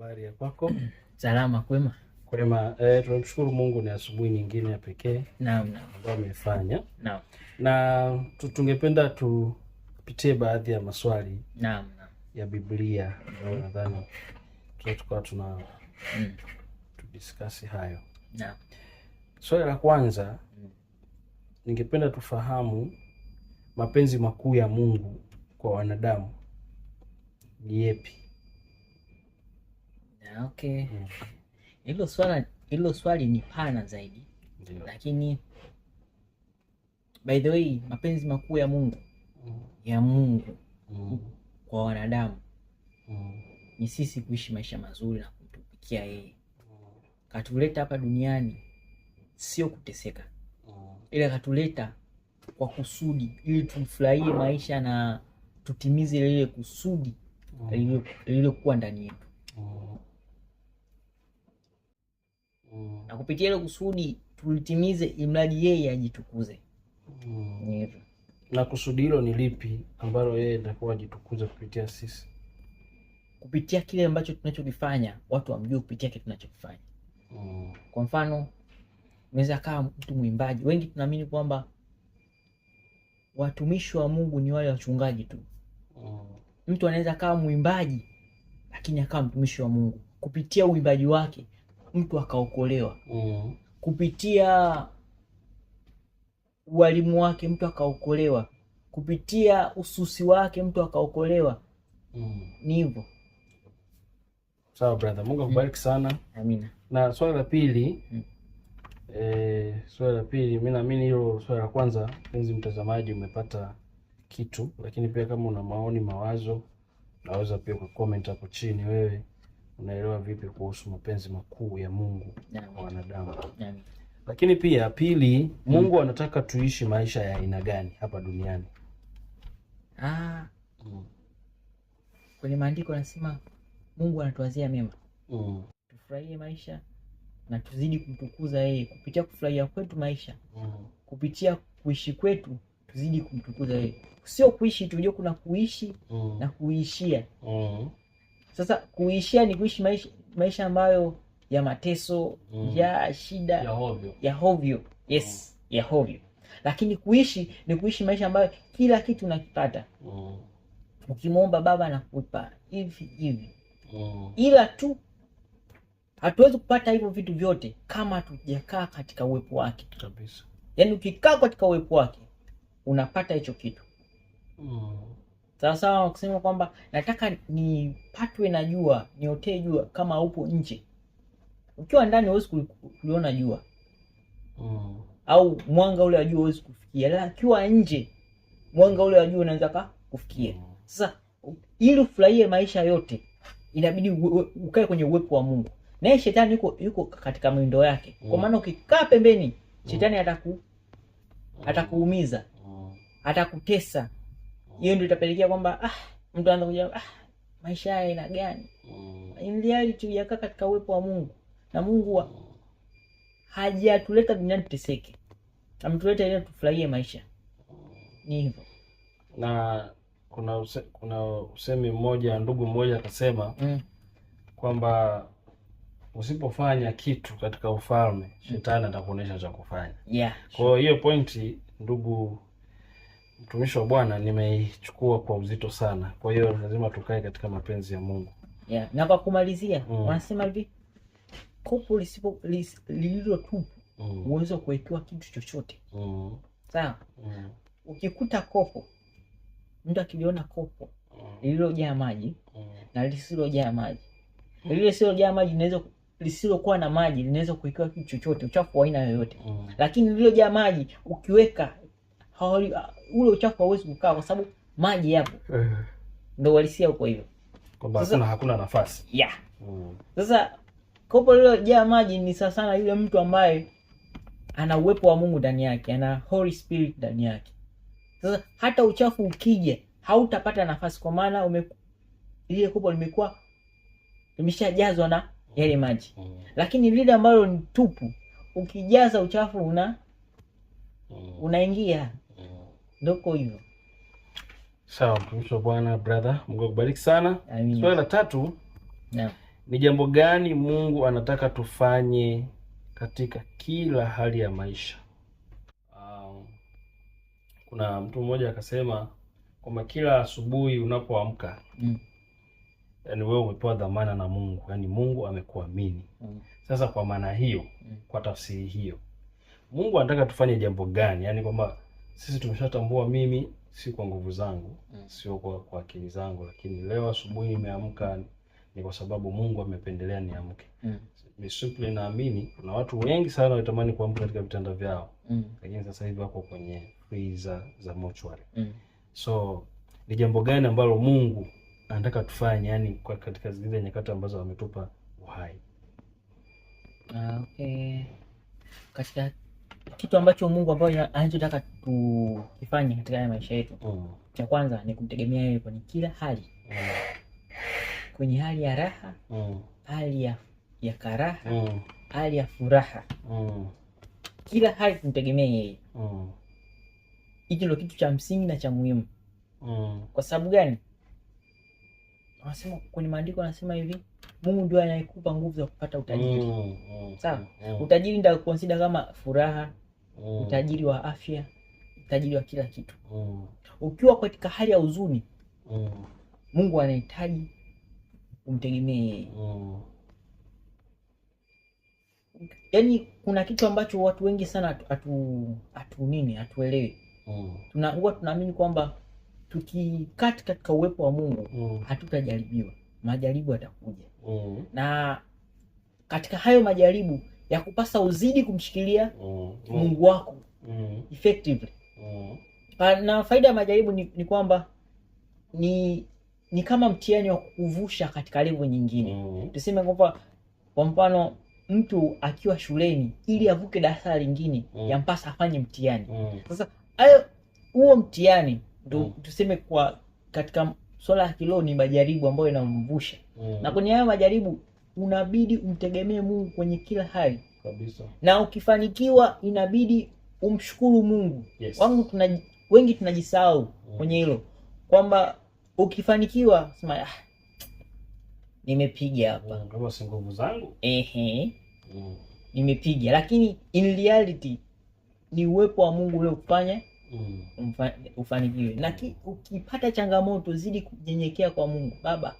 Habari ya kwako? Salama, kwema. Kwema. Eh, tunamshukuru Mungu ni asubuhi nyingine ya pekee. Naam, naam. Ambayo amefanya. Naam. Na tungependa tupitie baadhi ya maswali. Naam, naam. Ya Biblia. Mm. Nadhani tutakuwa tuna mm. tudiskasi hayo. Naam. Swali la kwanza mm. ningependa tufahamu mapenzi makuu ya Mungu kwa wanadamu ni yepi? Okay, mm. hilo swala hilo swali ni pana zaidi. Ndiyo. Lakini by the way mapenzi makuu ya Mungu mm. ya Mungu mm. kwa wanadamu mm. ni sisi kuishi maisha mazuri na kumtumikia yeye mm. katuleta hapa duniani sio kuteseka mm. ila katuleta kwa kusudi ili tumfurahie maisha na tutimize lile kusudi mm. lililokuwa ndani yetu. na kupitia ile kusudi tulitimize, imradi yeye ajitukuze. Mm. Na kusudi hilo ni lipi ambalo yeye atakuwa ajitukuze kupitia sisi? Kupitia kile ambacho tunachokifanya, watu wamjue kupitia kile tunachokifanya. Mm. Kwa mfano, unaweza akawa mtu mwimbaji. Wengi tunaamini kwamba watumishi wa Mungu ni wale wachungaji tu. Mm. Mtu anaweza akawa mwimbaji lakini akawa mtumishi wa Mungu kupitia uimbaji wake mtu akaokolewa mm. kupitia ualimu wake mtu akaokolewa, kupitia ususi wake mtu akaokolewa. mm. ni hivyo. Sawa brother, Mungu akubariki mm. sana. Amina. Na swala la pili mm. e, swala la pili mimi naamini hilo swala la kwanza, penzi mtazamaji, umepata kitu, lakini pia kama una maoni, mawazo, naweza pia comment hapo chini wewe unaelewa vipi kuhusu mapenzi makuu ya Mungu kwa wanadamu. Lakini pia pili, Mungu mm. anataka tuishi maisha ya aina gani hapa duniani? Ah, Mm. Kwenye maandiko anasema Mungu anatuwazia mema mm. Tufurahie maisha na tuzidi kumtukuza yeye kupitia kufurahia kwetu maisha mm. Kupitia kuishi kwetu tuzidi kumtukuza yeye, sio kuishi tu, kuna kuishi mm. na kuishia mm. Sasa kuishia ni kuishi maisha, maisha ambayo ya mateso mm. ya shida ya hovyo, ya hovyo. Yes mm. ya hovyo, lakini kuishi ni kuishi maisha ambayo kila kitu unakipata mm. ukimwomba Baba anakupa hivi hivi mm. ila tu hatuwezi kupata hivyo vitu vyote kama hatujakaa katika uwepo wake kabisa. Yaani ukikaa katika uwepo wake unapata hicho kitu mm. Sawasawa, kusema kwamba nataka nipatwe na jua, niotee jua, kama upo nje. Ukiwa ndani huwezi kuliona jua mm. au mwanga ule wa jua huwezi kufikia, la ukiwa nje mwanga ule wa jua unaweza ka kufikia. Mm. Sasa ili ufurahie maisha yote inabidi ukae kwenye uwepo wa Mungu, naye shetani yuko yuko katika mwindo yake mm. kwa maana ukikaa pembeni mm. shetani ataku atakuumiza, mm. atakutesa hiyo ndio itapelekea kwamba ah, mtu anaanza kuja ah, maisha haya ina gani? mm. in reality katika uwepo wa Mungu na Mungu wa, hajatuleta duniani tuteseke, amtuleta ili tufurahie maisha. Ni hivyo na kuna use, kuna usemi mmoja ndugu mmoja akasema mm. kwamba usipofanya kitu katika ufalme mm. shetani atakuonyesha cha kufanya. Yeah, sure. Kwa hiyo pointi ndugu mtumishi wa Bwana nimeichukua kwa uzito sana, kwa hiyo lazima tukae katika mapenzi ya Mungu. Yeah. Na kwa kumalizia mm. wanasema hivi kopo lisipo lililo tupu mm. uwezo kuwekewa kitu chochote mm. sawa mm. ukikuta kopo, mtu akiliona kopo mm. lililojaa maji mm. na lisilojaa maji mm. lile lisilojaa maji linaweza lisilokuwa na maji linaweza kuwekewa kitu chochote, uchafu wa aina yoyote mm. lakini lililojaa maji ukiweka hawali ah, ule uchafu hauwezi kukaa kwa sababu maji yapo, eh. ndio walisia huko hivyo, kwamba hakuna hakuna nafasi yeah. Mm. Sasa kopo lililojaa maji ni sawa sana yule mtu ambaye ana uwepo wa Mungu ndani yake, ana Holy Spirit ndani yake. Sasa hata uchafu ukija hautapata nafasi, kwa maana ume ile kopo limekuwa limeshajazwa na yale maji mm. Lakini lile ambalo ni tupu ukijaza uchafu una mm. unaingia ndoko hivyo. Sawa, mtumishi wa Bwana brother, Mungu akubariki sana. Swali la tatu ni jambo gani Mungu anataka tufanye katika kila hali ya maisha? Um, kuna mtu mmoja akasema kwamba kila asubuhi unapoamka mm. Yani wewe umepewa dhamana na Mungu, yani Mungu amekuamini mm. Sasa kwa maana hiyo mm. kwa tafsiri hiyo Mungu anataka tufanye jambo gani, yani kwamba sisi tumeshatambua mimi si kwa nguvu zangu mm. sio kwa, kwa akili zangu, lakini leo asubuhi nimeamka ni kwa sababu Mungu amependelea niamke. mm. naamini kuna watu wengi sana wanatamani kuamka katika vitanda vyao mm. lakini sasa hivi wako kwenye freezer za mortuary mm. so ni jambo gani ambalo Mungu anataka tufanye, yani kwa katika zile nyakati ambazo ametupa uhai? Ah, okay. katika kitu ambacho Mungu ambayo anachotaka tukifanye katika haya maisha yetu mm. Cha kwanza ni kumtegemea yeye kwenye kila hali mm. Kwenye hali ya raha mm. Hali ya, ya karaha mm. Hali ya furaha mm. Kila hali kumtegemea yeye mm. Hicho ndio kitu cha msingi na cha muhimu mm. Kwa sababu gani? Anasema kwenye maandiko anasema hivi, Mungu ndio anayekupa nguvu za kupata utajiri. Mm, mm, sawa? Mm. mm. Utajiri ndio kama furaha, mm. utajiri wa afya, utajiri wa kila kitu. Mm. Ukiwa katika hali ya huzuni, mm. Mungu anahitaji umtegemee. Mm. Yaani kuna kitu ambacho watu wengi sana atu, atu nini hatuelewi. Mm. Tuna huwa tunaamini kwamba tukikati katika uwepo wa Mungu mm. hatutajaribiwa, majaribu yatakuja mm. na katika hayo majaribu ya kupasa uzidi kumshikilia mm. mm. Mungu wako mm. effectively mm. na faida ya majaribu ni, ni kwamba ni ni kama mtihani wa kukuvusha katika levo nyingine mm. tuseme kwamba kwa mfano mtu akiwa shuleni ili mm. avuke darasa lingine mm. yampasa afanye mtihani mm. Sasa ayo huo mtihani ndo mm. tuseme kwa katika swala ya kiloo ni majaribu ambayo inamvusha mm. na kwenye hayo majaribu unabidi umtegemee Mungu kwenye kila hali kabisa, na ukifanikiwa inabidi umshukuru Mungu yes. wangu tuna, wengi tunajisahau mm. kwenye hilo kwamba ukifanikiwa sema ah, nimepiga hapa mm, kama si nguvu zangu ehe, mm. nimepiga, lakini in reality ni uwepo wa Mungu ule mm. ufanikiwe na ki, ukipata changamoto zidi kunyenyekea kwa Mungu Baba,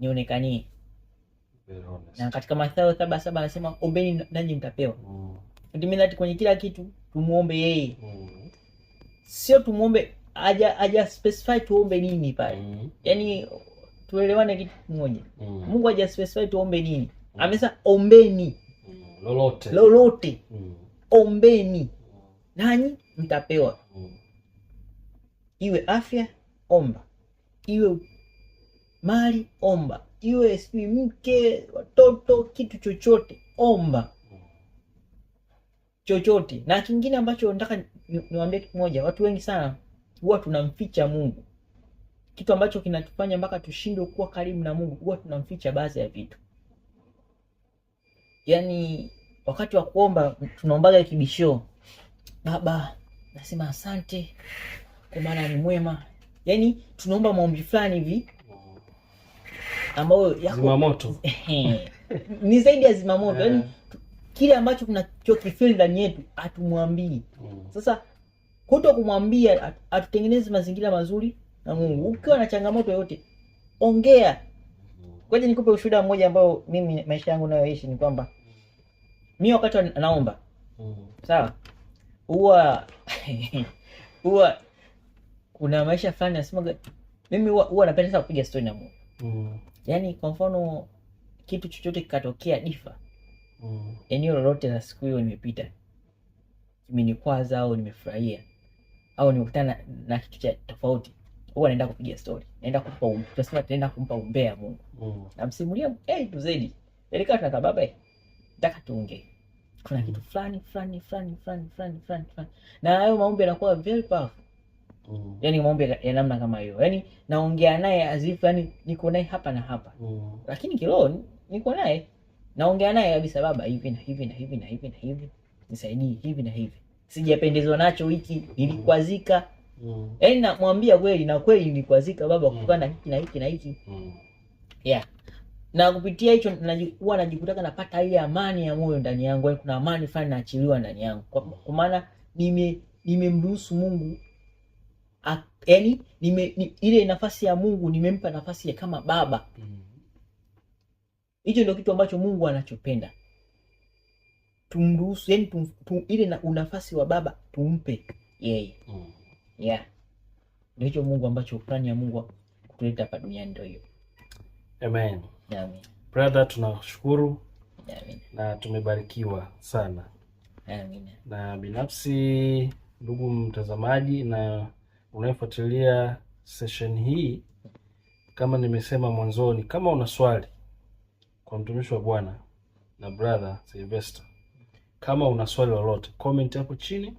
nionekanie. Na katika Mathayo saba saba anasema ombeni nanyi mtapewa. mm. Ultimately kwenye kila kitu tumuombe yeye. mm. Sio tumuombe aja aja specify tuombe nini pale. mm. Yaani tuelewane kitu kimoja. mm. Mungu aja specify tuombe nini. mm. Amesema ombeni mm. lolote lolote. mm. Ombeni mm. nanyi mtapewa. Iwe afya, omba. Iwe mali, omba. Iwe sijui mke, watoto, kitu chochote, omba chochote. Na kingine ambacho nataka niwaambie kitu moja, watu wengi sana huwa tunamficha Mungu, kitu ambacho kinatufanya mpaka tushindwe kuwa karibu na Mungu. Huwa tunamficha baadhi ya vitu, yaani wakati wa kuomba tunaombaga kibisho, Baba nasema asante kwa maana ni mwema. Yaani tunaomba maombi fulani hivi ambayo yako zimamoto ni zaidi ya zimamoto yeah. Yaani eh. kile ambacho tunachokifeel ndani yetu hatumwambii mm. Sasa kuto kumwambia atutengeneze mazingira mazuri na Mungu. Ukiwa na changamoto yote ongea. Kwaje, nikupe ushuhuda mmoja ambao mimi maisha yangu nayoishi ni kwamba mimi wakati naomba mm. sawa huwa huwa kuna maisha fulani nasemaga mimi huwa napenda sana kupiga stori na Mungu mm. Yaani kwa mfano kitu chochote kikatokea difa mm. eneo lolote la siku hiyo nimepita kimenikwaza au nimefurahia au nimekutana na kitu cha tofauti, huwa naenda kupiga stori, naenda kumpa um, tunasema tunaenda kumpa umbea Mungu mm. namsimulia hey, tu zaidi, yaani nataka tuongee kuna kitu fulani fulani fulani fulani fulani fulani fulani, na hayo maombi yanakuwa very powerful mm. Yani maombi ya namna kama hiyo, yani naongea naye azifu yani niko naye hapa na hapa mm. Lakini kiroho niko naye, naongea naye kabisa, Baba, hivi na hivi na hivi na hivi na hivi, nisaidie hivi na hivi, sijapendezwa nacho hiki, nilikwazika mm. Yani namwambia kweli na kweli nilikwazika Baba, mm. kutokana na hiki na hiki na hiki mm. yeah na kupitia hicho najikuwa najikutaka napata ile amani ya moyo ndani yangu, yani kuna amani fulani naachiliwa ndani yangu, kwa maana nime nimemruhusu Mungu a, yani nime, ni, ile nafasi ya Mungu nimempa nafasi ya kama baba. Mm-hmm. Hicho ndio kitu ambacho Mungu anachopenda tumruhusu, yani tum, tum, ile na unafasi wa baba tumpe yeye mm. yeah. Ndio hicho Mungu ambacho plani ya Mungu kutuleta hapa duniani ndio hiyo. Amen. Amen. Brother, tunashukuru Amen. Na tumebarikiwa sana Amen. Na binafsi ndugu mtazamaji na unayefuatilia session hii, kama nimesema mwanzoni, kama una swali kwa mtumishi wa Bwana na brother Sylvester, kama una swali lolote, comment hapo chini,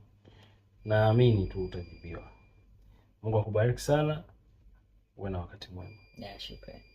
naamini tu utajibiwa. Mungu akubariki sana, uwe na wakati mwema. Yeah, shukrani.